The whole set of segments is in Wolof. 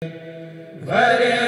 Vare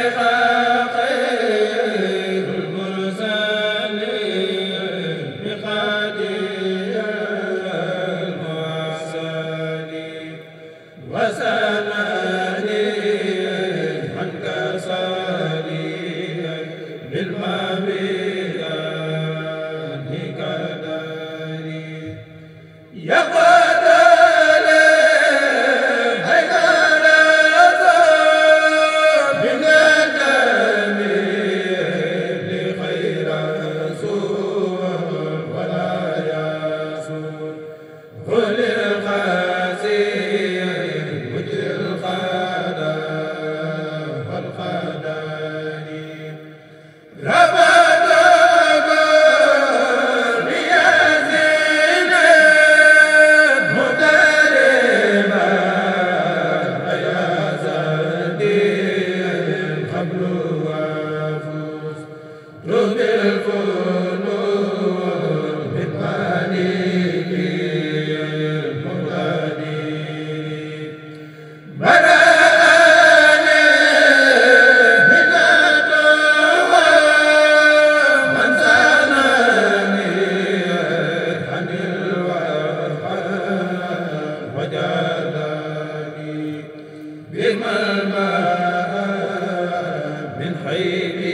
xay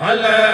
ala